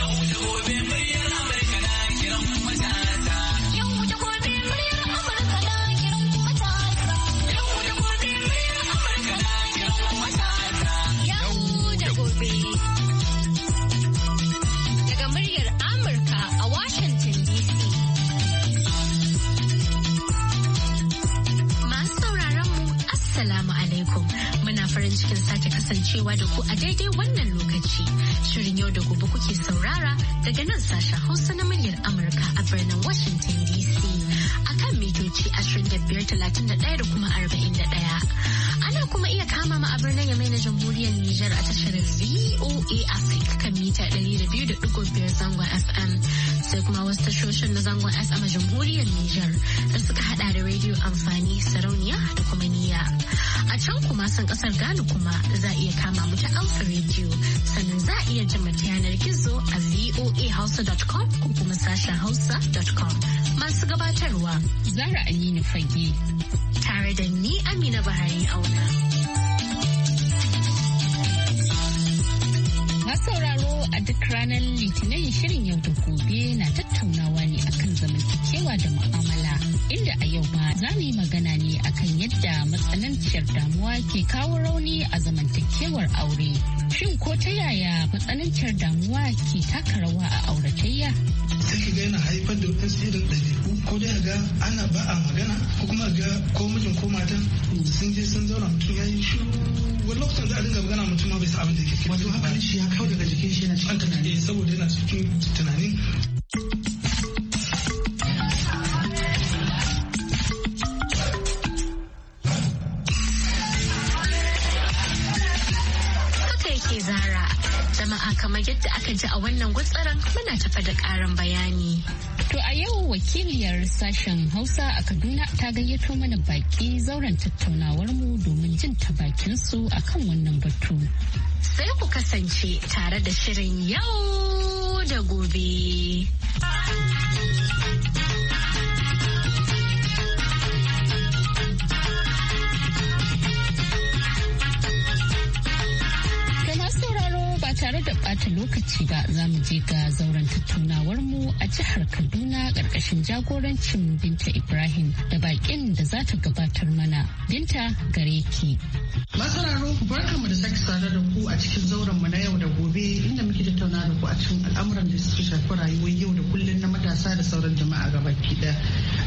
no, no. 跟那撒上。can kuma sun kasar Ghana kuma za iya kama mu ta Alpha Radio sannan za a iya jin ta yanar gizo a voahausa.com ko kuma sashen hausa.com masu gabatarwa Zara Aminu Fage tare da ni Amina Bahari Auna. Masauraro a duk ranar litinin shirin yau da gobe na tattaunawa ne akan zamantakewa da mu'amala inda a yau ma za mu yi magana ne akan yadda matsananciyar damuwa ke kawo rauni a zamantakewar aure. Shin ko ta yaya matsananciyar damuwa ke taka rawa a auratayya? sai ga yana haifar da wasu irin ɗabi'u ko dai ga ana ba a magana ko kuma ga ko mijin ko matan sun je sun zauna mutum ya yi shiru wani lokacin za a dinga magana mutum ma bai sa abin da yake wato hakan shi ya kawo daga jikin shi yana cikin tunani eh, saboda yana cikin tunani jama'a kamar yadda aka ji a wannan gutsaran muna tafa da ƙarin bayani. To a yau wakiliyar sashen Hausa a Kaduna ta gayyato mana baki zauren tattaunawar mu domin jin ta bakin su akan wannan batu. Sai ku kasance tare da shirin yau da gobe. bata lokaci ba za mu je ga zauren tattaunawar mu a jihar Kaduna ƙarƙashin jagorancin Binta Ibrahim da baƙin da za ta gabatar mana. Binta gare ki. Masararo barkanmu da sake tsada da ku a cikin zauren mu na yau da gobe inda muke tattauna da ku a cikin al'amuran da suka shafi rayuwar yau da kullum na matasa da sauran jama'a baki ɗaya.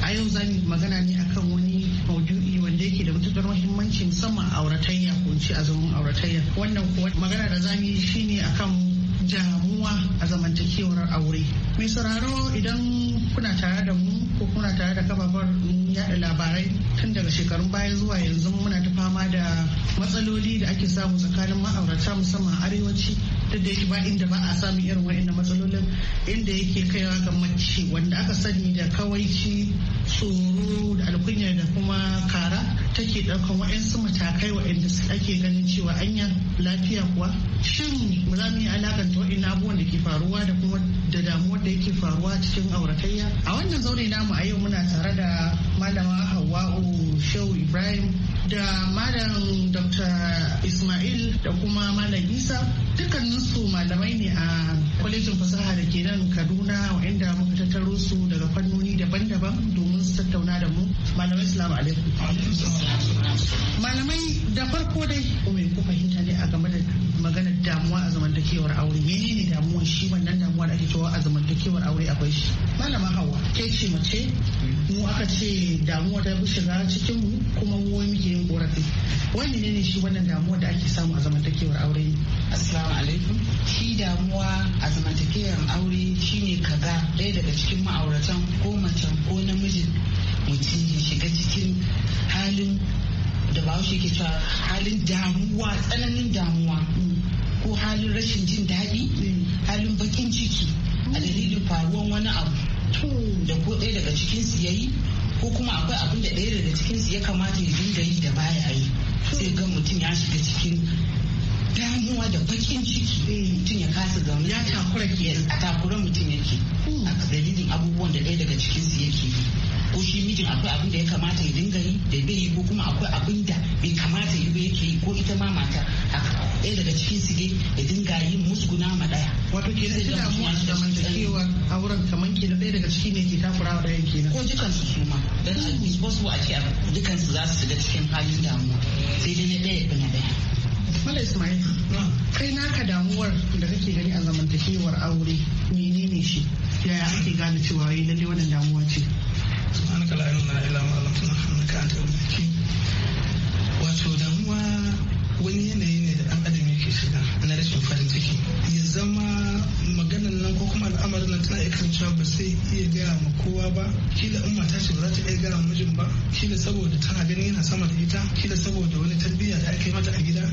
A yau za mu magana ne akan wani maudu'i wanda yake da matuƙar muhimmanci musamman auratayya ko a zaman auratayya. Wannan kuwa magana da za mu yi shine akan jamuwa a zamantakewar aure mai sauraro idan kuna tare da mu ko kuna tare da kafafar yada labarai tun daga shekarun baya zuwa yanzu muna ta fama da matsaloli da ake samu tsakanin ma'aurata musamman arewaci fitar da shi ba inda ba a sami irin da matsalolin inda yake kaiwa ga mace wanda aka sani da kawaici tsoro da alkunya da kuma kara take ɗaukan waɗansu matakai su ake ganin cewa anya lafiya kuwa shin za mu yi alakanta wa'in abubuwan da ke faruwa da kuma da damuwar da yake faruwa cikin auratayya a wannan zaune namu a yau muna tare da malama hawa'u shehu ibrahim da malam dr ismail da kuma malam isa dukkaninsu malamai ne a kwalejin fasaha da ke nan kaduna wa'inda muka tattaro su daga fannoni daban-daban domin su tattauna da mu malamai salamu alaikum malamai da farko dai mai ku fahimta ne a game da maganar damuwa a zamantakewar aure menene damuwar shi wannan damuwa da ake cewa a zamantakewar aure akwai shi malama hawa ke ce mace mu aka ce damuwa ta fi shiga cikin kuma mu wai muke yin korafi wani ne ne shi wannan damuwa da ake samu a zamantakewar aure assalamu alaikum shi damuwa a zamantakewar aure shine kaga ɗaya daga cikin ma'auratan ko macen ko namijin mutum ya shiga cikin halin da shi ke cewa halin damuwa tsananin damuwa ko halin rashin jin daɗi mm. halin bakin ciki a dalilin faruwan wani abu da ko ɗaya daga cikinsu ya yi ko kuma akwai abin da ɗaya daga cikinsu ya kamata ya dinga yi da baya yi sai ga mutum ya shiga cikin damuwa da bakin ciki mutum ya kasa zaune ya takura ke a takura mutum yake a dalilin abubuwan da ɗaya daga cikinsu yake yi ko shi mijin akwai abin da ya kamata ya dinga yi da bai yi ko kuma akwai abin da bai kamata ya yi yake yi ko ita ma mata haka ɗaya daga cikin su dai ya dinga yin musguna ma ɗaya. Wato ke da ita damuwa a zamantakewar kaman ke da ɗaya daga ciki ne ke takura wa ɗayan kenan. Ko dukansu su ma. Dan su wasu a ce su za su shiga cikin halin damuwa. Sai dai na ɗaya ya na ɗaya. Mala Ismail, kai naka damuwar da kake gani a zamantakewar aure menene shi? Yaya ake gane cewa yi eh, lalle wannan damuwa ce? Subhanaka la ilaha illa anta astaghfiruka wa atubu Wato damuwa wani yanayi ne da ɗan adam yake shiga na rashin farin ciki ya zama maganan nan ko kuma al'amarin nan tana ikan cewa ba sai iya gaya ma kowa ba kila in mata ce ba za ta iya gaya ma mijin ba kila saboda tana ganin yana sama da ita kila saboda wani tarbiyya da aka yi mata a gida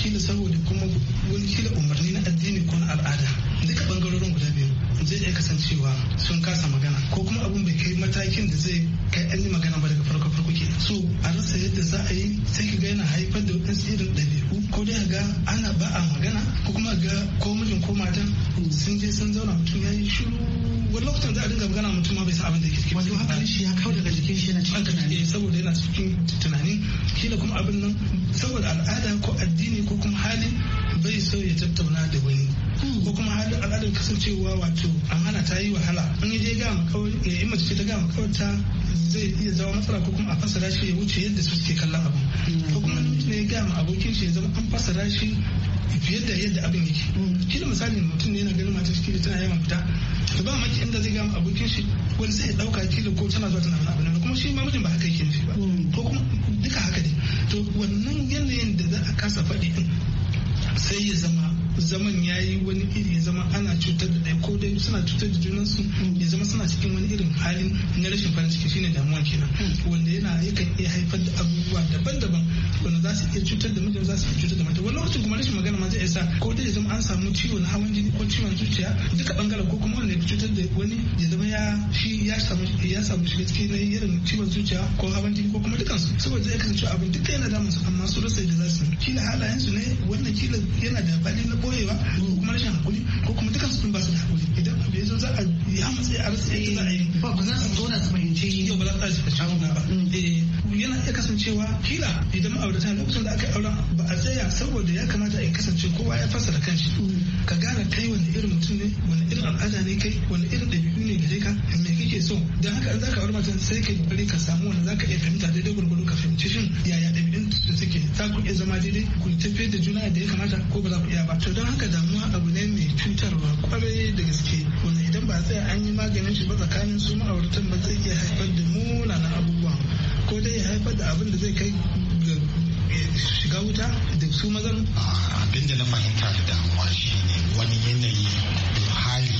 kila saboda kuma wani kila umarni na addini ko na al'ada duka bangarorin guda biyu zai iya kasancewa sun kasa magana ko kuma abun bai kai matakin da zai kai an yi magana ba daga farko farko ke so a rasa yadda za a yi sai ka ga yana haifar da wadansu irin ɗabi'u ko dai ga ana ba a magana ko kuma ga ko mijin ko matan sun je sun zauna mutum ya yi shiru wani lokutan za a dinga magana mutum ma bai sa abin da yake wato haka shi ya kawo daga jikin shi yana cikin tunani eh, saboda yana cikin tunani kila kuma abin nan saboda al'ada ko addini ko kuma hali bai sauya ya tattauna da wani ko kuma al'adar kasancewa wato amana ta yi wahala in je ga makawar eh, in mace ce ta ga ta zai iya zama matsala ko kuma a fasara shi ya wuce yadda su suke kallon abu ko kuma namiji ne ya ga ma abokin shi ya zama an fasara shi fiye da yadda abin yake da misali mutum ne yana ganin mata shi tana yawan fita to ba maki inda zai ga ma abokin shi wani ɗauka dauka kilo ko tana zuwa tana wani abu kuma shi ma mijin ba haka yake nufi ba ko kuma duka haka ne to wannan yanayin da za a kasa faɗi sai ya zama zaman ya yi wani iri zama ana cutar da ɗaya ko dai suna cutar da junansu ya zama suna cikin wani irin halin na rashin farin ciki shine damuwa kenan wanda yana yakan iya haifar da abubuwa daban-daban wanda za su iya cutar da mijin za su iya cutar da mata wani lokacin kuma rashin magana ma zai sa ko dai ya zama an samu ciwo na hawan jini ko ciwon zuciya duka bangaren ko kuma wanda ya cutar da wani ya zama ya shi ya samu ya samu shiga cikin na irin ciwon zuciya ko hawan jini ko kuma dukansu saboda zai kasance abin duka yana damunsu amma su rasa yadda za su kila halayensu ne wannan kila yana da bali na koyewa ko kuma rashin hakuri ko kuma dukkan su ba su da hakuri idan abu ya zo za a a matsayi a rasa yadda za a yi ba ku za su zo na su fahimci yau ba za su fahimci abu ba mm. eh, yana iya kasancewa kila idan ma'aurata lokacin da aka aura ba a tsaya saboda ya kamata ya kasance kowa ya fasa da kanshi mm. ka gane kai wani irin mutum ne wani irin al'ada ne kai wani irin ɗabi'u ne gare ka me kake so don haka in zaka aure matan sai ka kokari ka samu wanda zaka iya fahimta daidai gwargwado ka fahimci shin yaya ɗabi'un su suke za ku iya zama daidai ku tafiyar da juna da ya kamata ko ba za ku iya ba to don haka damuwa abu ne mai cutarwa kwarai da gaske wanda idan ba sai an yi maganin shi ba tsakanin su ma'auratan ba zai iya haifar da munanan abubuwa ko dai ya haifar da abin da zai kai shiga wuta da su mazan abin na fahimta da damuwa shine wani yanayi da hali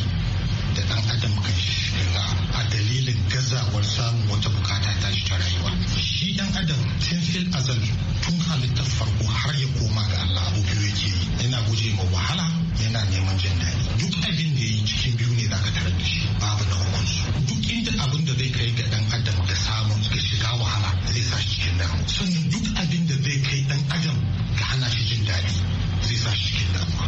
da dan adam kan shi shi a dalilin gazawar samun wata bukata ta shi ta rayuwa shi dan adam tun fil azal tun halittar farko har ya koma ga Allah abubuwa ya yake yi yana guje ma wahala yana neman jin daɗi duk abin da yi cikin biyu ne zaka tare da shi babu na hukunci duk inda abin da zai kai ga dan adam ga samun ga shiga wahala zai sa shi cikin damuwa sannan duk abin da zai kai dan adam ga hana shi jin daɗi zai sa shi cikin damuwa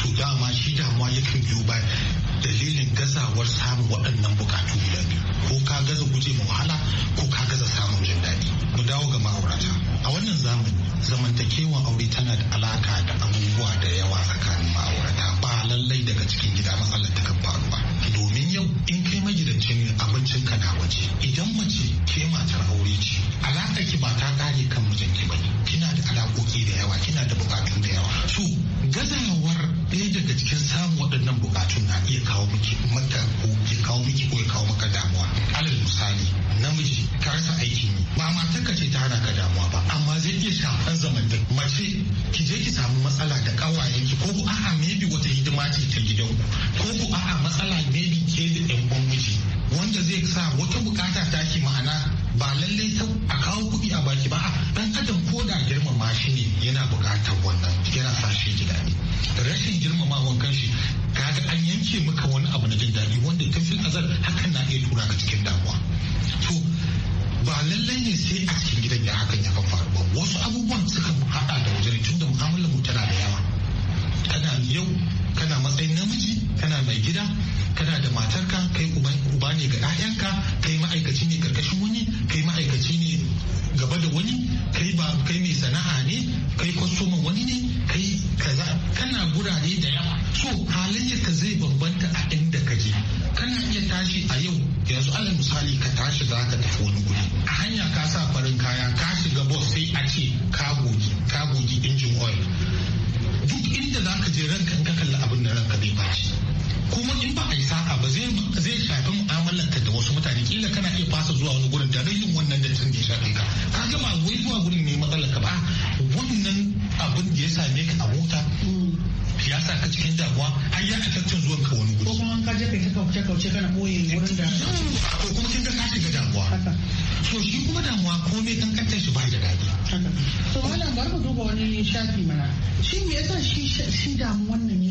Su dama shi damuwa yakan biyo baya dalilin gazawar samun waɗannan bukatu guda biyu ko ka gaza guje ma wahala ko ka gaza samun jin daɗi mu dawo ga ma'aurata a wannan zamani zamantakewan aure tana da alaka da abubuwa da yawa tsakanin ma'aurata ba lallai daga cikin gida matsalar ta kan faru ba domin yau in kai magidancin abincin ka na waje idan mace ke matar aure ce alaƙa ki ba ta kare kan mijinki ba kina da alaƙoƙi da yawa kina da buƙatun da yawa so gazawar ɗaya daga cikin samun waɗannan buƙatun na iya kawo miki maka ko ya kawo miki ko ya kawo maka damuwa alal misali namiji ka rasa aikin yi ba matar ka ce ta hana ka damuwa ba amma zai iya shafan da mace ki je ki samu matsala da ƙawayen ki ko ku a'a maybe wata hidima ce ta ku ko ku a'a matsala maybe ke da ƴan shi wanda zai sa wata bukata ta ke ma'ana ba lallai ta a kawo kuɗi a baki ba dan adam ko da girmama shi ne yana bukatar wannan yana sa shi ji daɗi rashin girmama girmamawan kanshi kaga an yanke maka wani abu na jin daɗi wanda ta fi azar hakan na iya tura ka cikin damuwa to ba lallai ne sai a cikin gidan ya hakan ya faru ba wasu abubuwan suka haɗa da wajen tunda mu'amalar mu tana da yawa kana yau kana matsayin namiji kana mai gida kana da matarka kai uba ne ga 'ya'yanka kai ma'aikaci ne karkashin wani kai ma'aikaci ne gaba da wani kai ba kai mai sana'a ne kai kwastoman wani ne kai kaza kana gurare da yawa so halayyarka zai bambanta a inda ka je kana iya tashi a yau yanzu alal misali ka tashi za ka tafi wani guri a hanya ka sa farin kaya ka shiga bus sai a ce ka goge ka goge injin oil duk inda za ka je ranka in ka kalli abin da ranka bai bace kuma in ba a yi sa'a ba zai shafi mu'amalar ka da wasu mutane kila kana iya fasa zuwa wani gurin da yin wannan da tun da ya shafi ka ka gama wai zuwa gurin ne matsalar ka ba wannan abin da ya same ka a mota ya sa ka cikin damuwa har ya tattun zuwan ka wani gurin. Ko kuma ka je ka ta kauce kauce kana boye wurin da. Ko kuma kin ga ka shiga damuwa. So shi kuma damuwa komai kankantar shi ba da daɗi. To malam bari mu duba wani shafi mana. Shi me yasa shi damuwan nan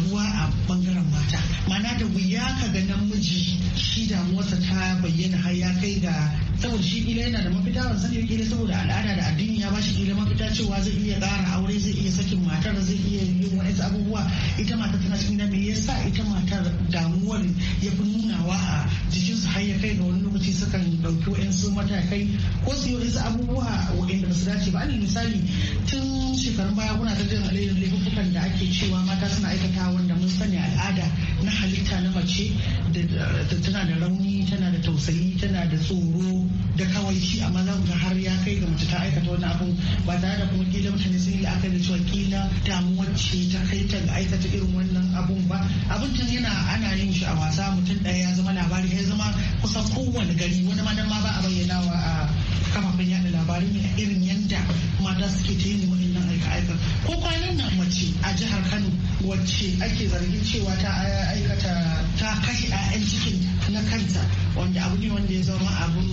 faruwa a bangaren mata mana da wuya ka ga namiji shi damuwarsa ta bayyana har ya kai ga saboda shi kila yana da mafita ban sani kila saboda al'ada da addini ya bashi kila mafita cewa zai iya ƙara aure zai iya sakin matar zai iya yin wa'insu abubuwa ita matar tana cikin me yasa ita matar damuwar ya fi nunawa a jikinsu har ya kai da wani lokaci sukan ɗauki wa'insu matakai ko su yi abubuwa wa'inda ba su dace ba alal misali tun shekarun baya kuna ta jin alayyar laifukan da ake cewa mata suna aikata wanda mun sani al'ada na halitta na mace da tana da rauni tana da tausayi tana da tsoro da kawai amma maza ga har ya kai ga mace ta aikata wani abu ba tare da kuma kila mutane sun yi la'akari da cewa kila damuwar ce ta kai ta ga aikata irin wannan abun ba abin tun yana ana yin shi a wasa mutum ɗaya ya zama labari ya zama kusan kowane gari wani ma ma ba a bayyanawa a kafafen yaɗa labarai ne irin yadda mata suke ta yin wa'annan aika-aikar ko kwanan nan mace a jihar kano wacce ake zargin cewa ta aikata ta kashe 'ya'yan cikin na kanta wanda abu ne wanda ya zama abun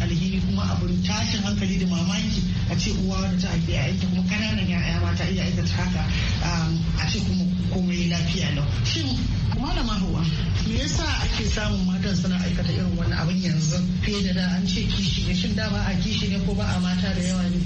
alhini kuma abun tashin hankali da mamaki a ce uwa da ta haifi 'ya'yanta kuma kananan 'ya'ya mata iya aikata haka um, a ce kuma komai lafiya lau shin malama hawa me yasa ake samun matan suna aikata irin wani abin yanzu fiye da da an ce kishi ne shin da ba a kishi ne ko ba a mata da yawa ne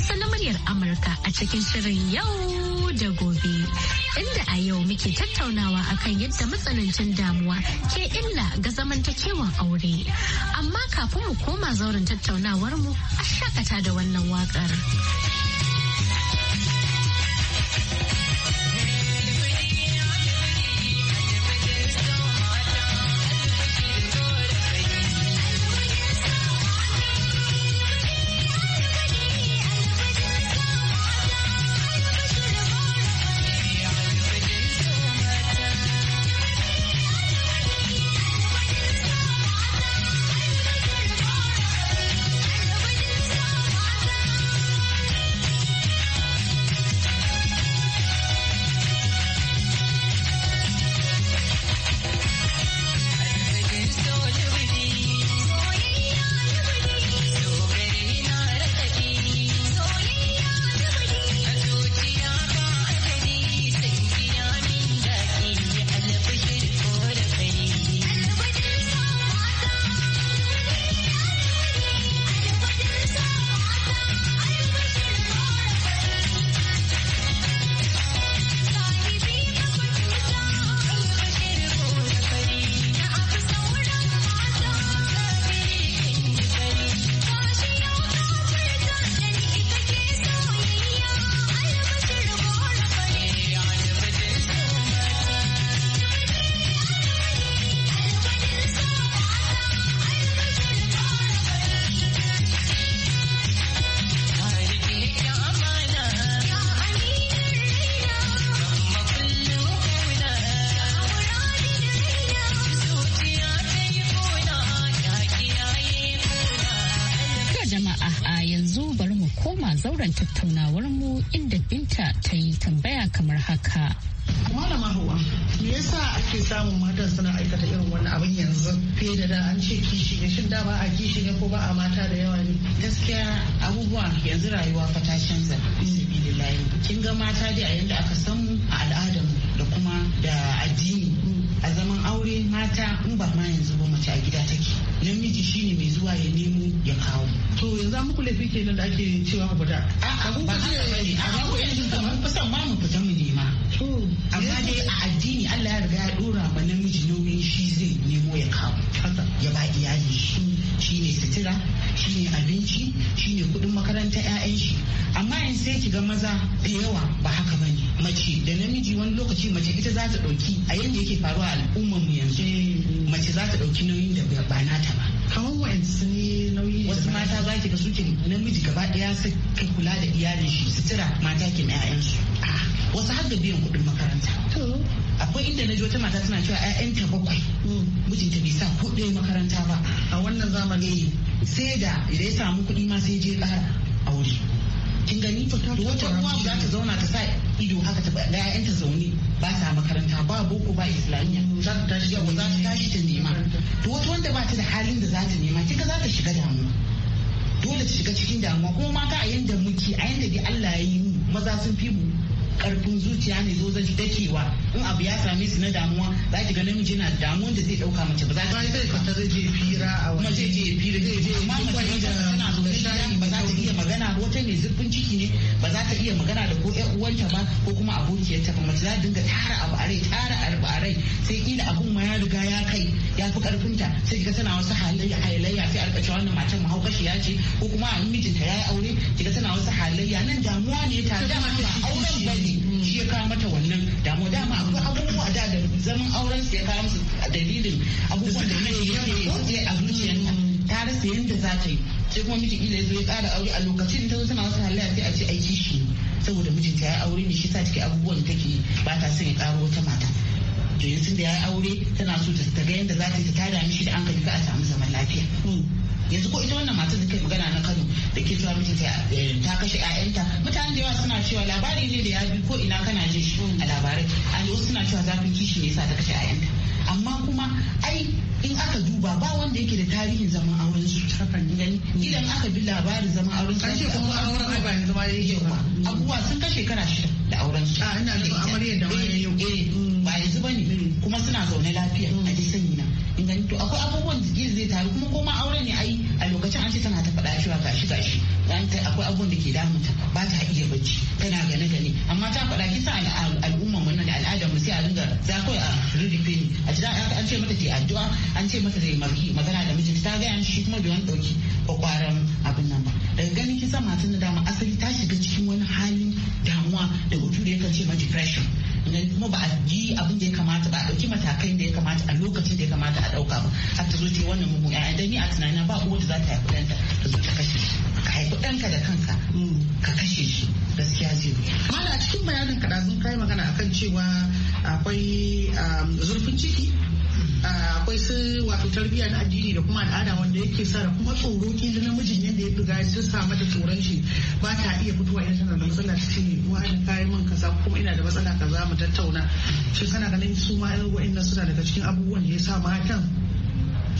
Hausa na muryar Amurka a cikin shirin yau da gobe. Inda a yau muke tattaunawa akan yadda matsanancin damuwa ke illa ga zamantakewan aure. Amma kafin mu koma zauren tattaunawar mu a shakata da wannan waƙar. kan tattaunawar mu inda binta ta yi tambaya kamar haka. Malama Hauwa, me yasa ake samun matan suna aikata irin wani abin yanzu fiye da da an ce kishi ne shin da ba a kishi ne ko ba a mata da yawa ne? Gaskiya abubuwa yanzu rayuwa fa ta canza da layi kin ga mata dai a yanda aka san mu a al'adar mu da kuma da addini a zaman aure mata in ba ma yanzu ba mace a gida take namiji shine mai zuwa ya nemo ya kawo to yanzu an muku laifi kenan da ake cewa mu fita a ba haka a ba ku yanzu kamar kusan ma mu fita mu nema amma dai a addini Allah ya riga ya dora ma namiji nauyin shi zai nemo ya kawo ya ba iyali shi shi ne sitira shi ne abinci shi ne kudin makaranta 'ya'yan shi amma in sai ki ga maza da yawa ba haka ba ne mace da namiji wani lokaci mace ita za ta ɗauki a yadda yake faruwa a al'ummar mu yanzu eh. mace za ta ɗauki nauyin da ba nata ba kamar wa'ansu ne nauyi wasu mata za ki ga suke namiji gaba ɗaya su kula da iyalin shi sitira mata ke 'ya'yansu wasu har da biyan kuɗin makaranta akwai inda na ji wata mata tana cewa 'ya'yanta bakwai mm. mijinta bai sa kuɗin makaranta ba a wannan zamani eh, sai da idan ya samu kuɗi ma sai je ƙara aure kin gani wata uwa za ta zauna ta sa ido haka ta ga 'ya'yanta zaune ba sa makaranta ba boko ba islamiyya mm, za ta tashi za ta tashi ta nema to wata wanda ba ta da halin da za ta nema kika za ta shiga damuwa dole ta shiga cikin damuwa kuma mata a yanda muke a yanda dai Allah ya yi mu maza sun fi mu karfin zuciya ne zo zan dakewa in abu ya same su na damuwa za ki ga namiji na damuwan da zai dauka mace ba za ta zai fita zai je fira a wani mace je fira zai je amma mace ne da tana zo ba za ta iya magana ba wata mai zurfin ciki ne ba za ta iya magana da ko ƴan uwanta ba ko kuma abokiyarta ba mace za ta dinga tara abu a rai tara abu a rai sai kila abun ma ya riga ya kai ya fi karfinta sai kika tana wasu halayya halayya sai a rika cewa wannan matan mahaukaciya ce ko kuma a mijinta ya yi aure kika tana wasu halayya nan damuwa ne ta da auren bane shi ya kawo mata wannan damu dama akwai abubuwa da da zaman auren su ya kawo musu dalilin abubuwan da na yi a zuciyar ta rasa yadda za ta yi sai kuma miji kila zai kara aure a lokacin ta tana wasu halayya sai a ce shi shi saboda mijinta ya aure ne shi sa take abubuwan da take ba ta son ya karo wata mata to yanzu da ya aure tana so ta ga yadda za ta yi ta tada mishi da an ka a samu zaman lafiya hmm. yanzu ko ita wannan matar da kai magana na Kano da ke cewa mijinta eh, ta kashe ƴaƴanta mutane da yawa suna cewa labari ne da ya bi ko ina kana jin shi a labarai a yau suna cewa zafin kishi ne yasa ta kashe ƴaƴanta amma kuma ai in aka duba ba wanda yake da tarihin zaman auren su hakan gani idan aka bi labarin zaman auren su kashe kuma auren ai ba yanzu ma yake ba abubuwa sun kashe shekara shida da auren su a ah, ina nufin amaryar da wani yau. yanzu bane kuma suna zaune lafiya mm. a ji sanyi na in to akwai abubuwan jiki zai taru kuma koma aure ne ai a lokacin an ce tana ta faɗa cewa gashi gashi akwai abubuwan da ke damunta ba ta iya bacci tana gane gane amma ta faɗa kisa al'umma wannan da mu sai a dinga za ko a rudufe ni a jira an ce mata ta addu'a an ce mata ta marki magana da mijinta ta gaya shi kuma bai wani dauki kwakwaran abin nan ba daga ganin kisa masu na dama asali ta shiga cikin wani halin damuwa da ya yakan ce ma depression kuma ba a yi abin da ya kamata ba a ɗauki matakai da ya kamata a lokacin da ya kamata a ɗauka ba har ta zo ta yi wannan mugun 'ya'ya dan ni a tunanin ba uwa da za ta yi kudanta ta zo ta kashe ka haifi ɗanka da kanka ka kashe shi gaskiya zai yi. amma a cikin bayanin kaɗa sun kai magana akan cewa akwai um, zurfin ciki akwai su wato tarbiyya na addini da kuma al'ada wanda yake sa da kuma tsoro kila namijin yadda ya buga sun sa mata tsoron shi ba ta iya fitowa idan tana da matsala ta ce wani kai man kaza kuma ina da matsala kaza mu tattauna shi kana ganin su ma wa'annan suna daga cikin abubuwan da ya sa matan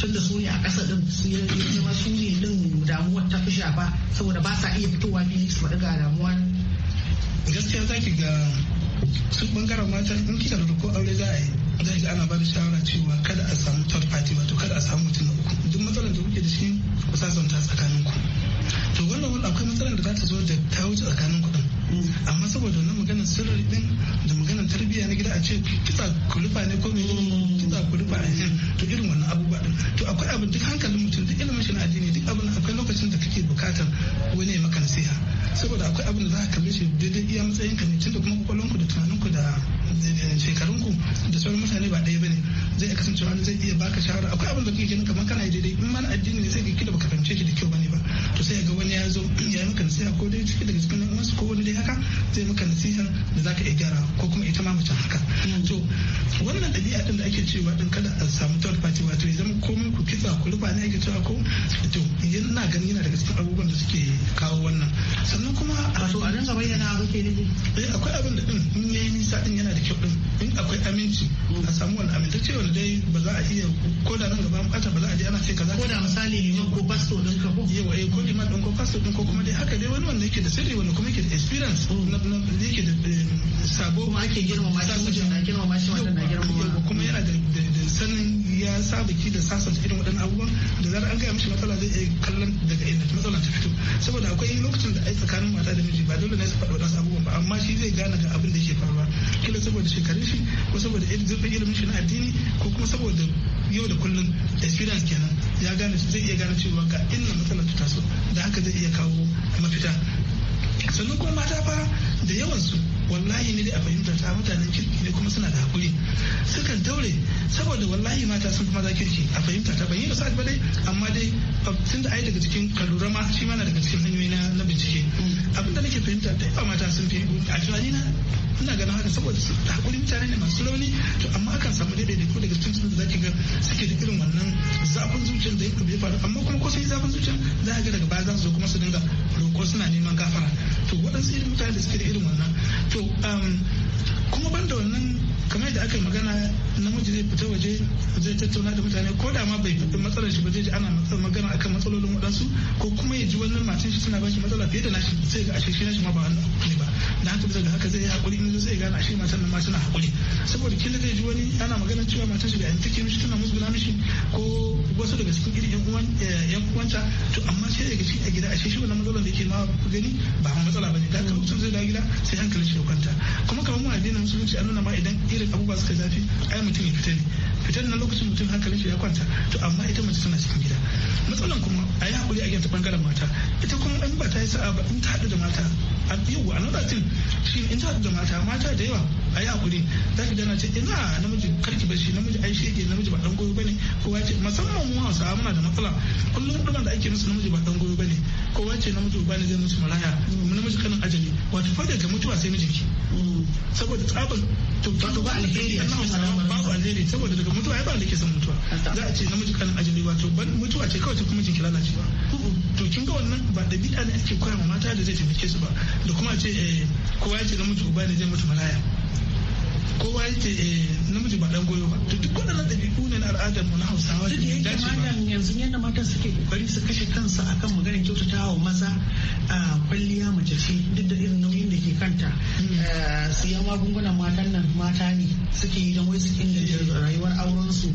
tun da su ne a ƙasa din su ya zama su ne din damuwar ta fi shafa saboda ba sa iya fitowa biyu su faɗi ga damuwa gaskiya za ki ga su bangaren mata in kika da ko aure za a yi za ga ana ba da shawara cewa kada a samu third party wato kada a samu mutum na uku duk matsalar da kuke da shi ku sasanta tsakanin ku to wannan wani akwai matsalar da za ta zo da ta wuce tsakanin ku mm. amma saboda wannan maganar sirri din da maganar tarbiyya na gida a ce kisa kulufa ne ko mai za ku a yanzu to irin wannan abubuwa din to akwai abin duk hankalin mutum duk ilimin shi na addini duk abin akwai lokacin da kake bukatar wani ya maka nasiha saboda akwai abin da za ka kalle shi daidai iya matsayin ka ne tunda kuma ku da tunaninku da eh, eh, shekarunku da sauran mutane ba ɗaya bane zai kasance wani zai iya baka shawara akwai abin da kake ganin kamar kana daidai in mana addini ne sai ka kida baka fahimce shi da kyau bane ba to sai ga wani ya zo ya maka nasiha ko dai cikin daga cikin wasu ko wani dai haka zai maka nasiha da zaka iya gyara ko kuma ita ma mace haka hmm. to wannan ɗabi'a din da ake cewa din kada a samu third party wato ya zama komai ku kitsa ku rufa ne ake cewa ko to idan ina ganin yana daga cikin abubuwan da suke kawo wannan sannan kuma so a dinga bayyana abu ke nufi eh akwai abin da din in yayi nisa din yana da kyau din in akwai aminci mm. a samu wani amintacce wanda dai ba za a iya ko da nan gaba an bata ba za a je ana sai kaza ko da misali ne ko pasto din ka ko yawa eh ko liman din ko pasto din ko kuma dai haka dai wani wanda yake da sirri wani kuma yake da experience mm. na yake da eh, sabo kuma ake girmama shi mutum na girmama shi wanda na girmama kuma yana da da sanin ya saba ki da sasanta irin waɗannan abubuwan da zara an gaya mishi matsala zai iya kallon daga inda matsala ta fito saboda akwai lokacin da ai tsakanin mata da miji ba dole ne su faɗi waɗansu abubuwan ba amma shi zai gane ga abin da yake faruwa kila saboda shekarun shi ko saboda irin zurfin ilimin shi na addini ko kuma saboda yau da kullum experience kenan ya gane zai iya gane cewa ga inda matsalar ta taso da haka zai iya kawo mafita sannan kuma mata fa da yawansu wallahi ne dai a fahimtar ta mutanen kirki ne kuma suna da hakuri sukan daure saboda wallahi mata sun kuma za kirki a fahimtar ta bayyana sa ba dai amma dai tun da ai daga cikin kalura ma shi ma na daga cikin hanyoyi na bincike mm. abin da nake fahimta da yawa mata sun fi a tunani na ina ganin haka saboda su hakuri mutane ne masu rauni to amma akan samu daidai ko daga cikin sun da zaki ga suke da irin wannan zafin zuciyar da yake bai faru amma kuma ko sun yi zafin zuciyar za ka ga daga baya za su zo kuma su dinga roƙo suna neman gafara to waɗansu irin mutane da suke da irin wannan to to um, kuma banda wannan kamar yadda aka yi magana namiji zai fita waje zai tattauna da mutane ko da ma bai fi matsalar shi ba zai ji ana magana akan matsalolin waɗansu ji wannan matan shi suna ba shi matsala fiye da nashi sai ga ashe shi nashi ma ba wani ne ba da haka bisa ga haka zai yi hakuri in zai gane ashe matan nan ma suna hakuri saboda kila zai ji wani ana magana cewa matan shi da yanzu take mishi tana musguna mishi ko wasu daga cikin irin yan uwan eh, yan uwanta to amma sai daga cikin a gida ashe shi wannan matsalar da yake ma ku gani ba matsala bane da haka mutum zai dawo gida sai hankalin shi ya kwanta kuma kamar mu addinin musulunci an nuna ma idan irin abubuwa suka zafi ai mutum ya fita ne fitar na lokacin mutum hankalin shi ya kwanta to amma ita mace tana cikin gida matsalan kuma a yi hakuri a ta bangaren mata mata ita kuma in ba ta yi sa'a ba in ta haɗu da mata a yau a nan shi in ta haɗu da mata mata da yawa ai hakuri za ki jana ce ina eh, namiji karki bashi namiji ai shege namiji ba dan goyo bane kowa ce musamman mu Hausawa muna da matsala kullum mutumin da ake musu namiji ba dan goyo bane kowa ce namiji ba ne zai musu maraya namiji kanin ajali wato fa daga mutuwa sai ki saboda tsabar to ba alheri a cikin alheri saboda daga mutuwa ai ba da ke son mutuwa za a ce namiji kanin ajali wato mutuwa ce kawai kuma kuma jinki lalacewa to kin ga wannan ba dabi'a ne ake koya ma mata da zai taimake su ba da kuma ce eh, kowa ce namiji ba ne zai mutu maraya kowa ya ce eh, namiji ba dan goyo ba to duk waɗannan ɗabi'u ne na al'adar mu na Hausawa da ya dace ba yanzu yadda mata suke kokari su kashe kansu akan maganar kyautatawa maza a kwalliya mace ce duk da irin nauyin da ke kanta hmm. siya magungunan matan nan mata ne suke yi don wai su inganta rayuwar auren su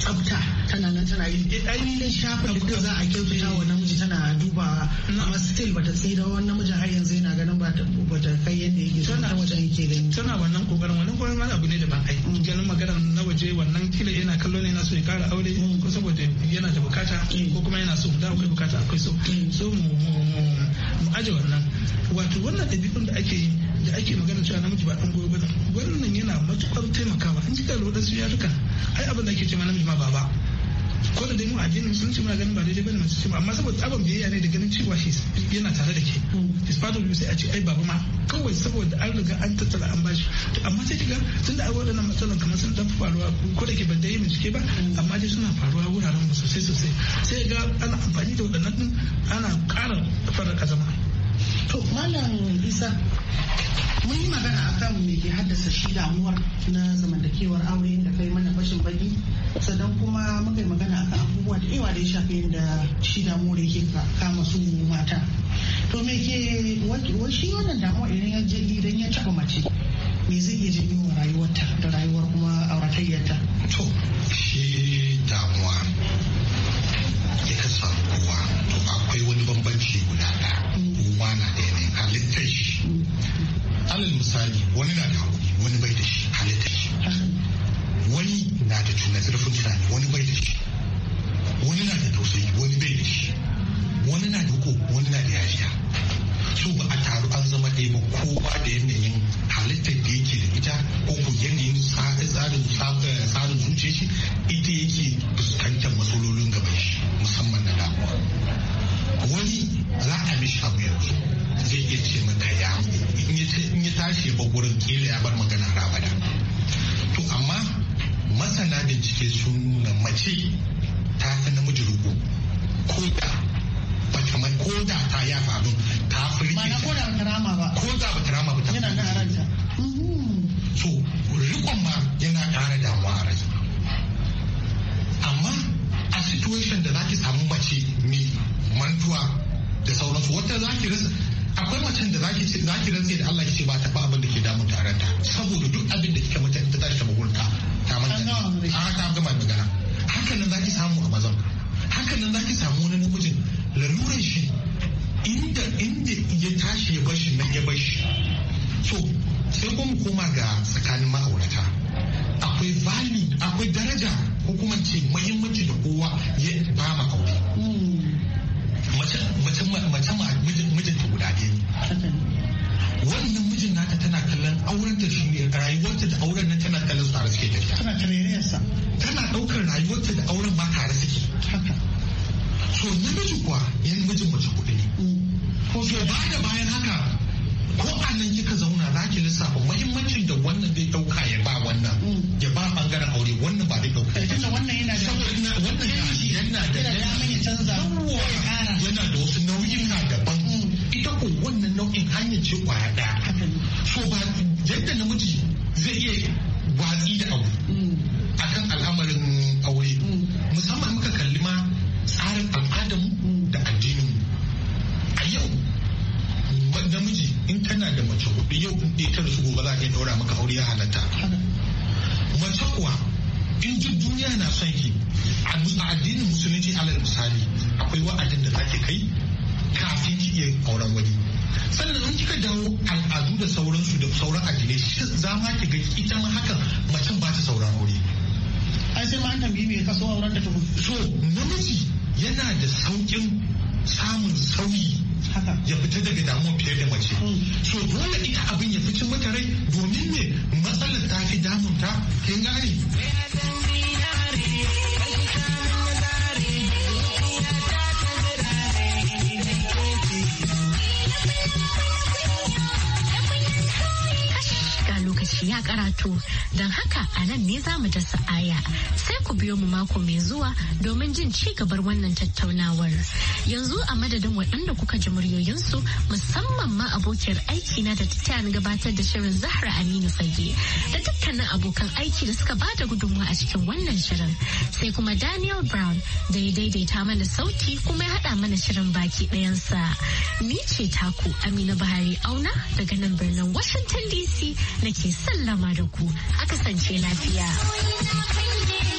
tsafta tana nan tana yi eh, ainihin shafin da za a kyautata wa namiji tana duba hmm. amma still bata tsira wannan namijin har yanzu yana ganin ba ta kai yadda yake tana wajen yake gani tana wannan kokarin wannan kokarin wannan wani abu ne da ban ai ganin magana na waje wannan kila yana kallo ne yana so ya kara aure ko saboda yana da bukata ko kuma yana so da akwai bukata akwai so so mu aji aje wannan wato wannan ɗabi'un da ake yi da ake magana cewa namiji ba ɗan goyo ba wannan yana matukar taimakawa in ji kalo da su yaruka ai abin da ake cewa namiji ma baba ko da dai mu addinin musulunci muna ganin ba daidai bane mace ce amma saboda tsaban biyayya ne da ganin cewa shi yana tare da ke is of sai a ce ai baba ma kawai saboda an riga an tattara an bashi amma sai kiga tun da abuwa wannan matsalan kamar sun dan faruwa ko da ke ban da yi bincike ba amma dai suna faruwa wuraren mu sosai sosai sai ga ana amfani da waɗannan din ana ƙara fara kazama. to malam isa mun yi magana a kan me ke haddasa shi damuwar na zamantakewar aure da kai mana bashin baki sannan kuma muka yi magana a kan abubuwa da yawa da ya shafi yadda shi damuwar yake kama su mata to me ke shi wannan damuwa idan ya je idan ya taba mace me zai iya janyo wa rayuwarta da rayuwar kuma auratayyarta to shi damuwa ya kasa kowa to akwai wani bambanci guda ɗaya mm. kowa na da yanayin halittar shi alal misali wani na da haƙuri wani bai da shi halitta shi wani na da tunan zurfin tunani wani bai da shi wani na da tausayi wani bai da shi wani na da ko wani na da yariya so ba a taru an zama ɗaya ba kowa da yanayin halittar da yake da ita ko ku yanayin tsarin eh, tsarin zuciya shi ita yake fuskantar matsalolin gaban shi musamman na damuwa wani za a mishi abu yanzu zai iya ce mata ya in ya tashi ba gurin kila ya bar magana rabada to amma masana bincike sun nuna mace ta fi namiji ruku ko da ba ta mai ko da ta ya faru ta fi rike mana ko da ba ta rama ba ko da ba ta rama ba ta yana da haranta mm-hmm. so rikon ma yana kara damuwa a rai amma a situation da zaki samu mace mai mantuwa da sauransu wata zaki rasa akwai macen da zaki ce zaki rantse da Allah ki ce ba ta ba abin da ke damun taron ta saboda duk abin da kika mata ta tashi ta ta manta a ta gama magana haka nan zaki samu a mazan haka nan zaki samu wani namijin laluran shi inda inda ya tashi ya bashi nan ya bashi so sai kuma koma ga tsakanin ma'aurata akwai value akwai daraja ko kuma ce muhimmanci da kowa ya ba ma aure mijinta guda biyu. wannan mijin nata tana kallon aurenta shi ne rayuwarta da auren nan tana kallon su tare suke tafiya tana tarayyarsa tana ɗaukar rayuwarta da auren ma tare suke so namiji kuwa yan mijin mace kuɗi ne mm. so ba da bayan haka ko a nan kika zauna za ki lissafa muhimmancin da wannan zai dauka ya ba wannan mm. ya ba bangaren aure wannan ba zai dauka wannan yana da wannan yana da yana da yana da nauyin na daban ita ko wannan nau'in hanyar ce kwaya daya so ba yadda namiji zai iya watsi da abu akan al'amarin aure musamman muka kalli ma tsarin al'adamu da addinin a yau namiji in kana da mace hudu yau in ɗaya ta gobe za iya daura maka aure ya halatta mace kuwa in duk duniya na son ki a addinin musulunci alal misali akwai wa'adin da za ke kai kafin ki auren wani sannan in kika dawo al'adu da sauransu da sauran addinai za ma ki ga ita ma hakan macen ba ta sauran aure ai sai ma an tambayi me ka so auren da tafi so namiji yana da saukin samun sauyi ya fita daga damuwa fiye da mace hmm. so dole ita abin ya fice mata rai domin ne matsalar ta fi damunta kin gane ya karatu don haka a nan ne za mu dasa aya sai ku biyo mu mako mai zuwa domin jin ci gabar wannan tattaunawar yanzu a madadin waɗanda kuka ji muryoyinsu musamman ma abokiyar aiki na da ta gabatar da shirin zahra aminu fage da dukkanin abokan aiki da suka bada gudunmawa a cikin wannan shirin sai kuma daniel brown da ya daidaita mana sauti kuma ya haɗa mana shirin baki ɗayansa ni ce taku amina bahari auna daga nan birnin washington dc nake sa sallama da ku a kasance lafiya.